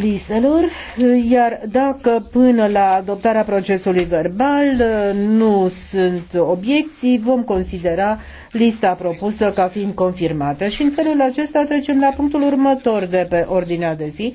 listelor, iar dacă până la adoptarea procesului verbal uh, nu sunt obiecții, vom considera lista propusă ca fiind confirmată. Și în felul acesta trecem la punctul următor de pe ordinea de zi,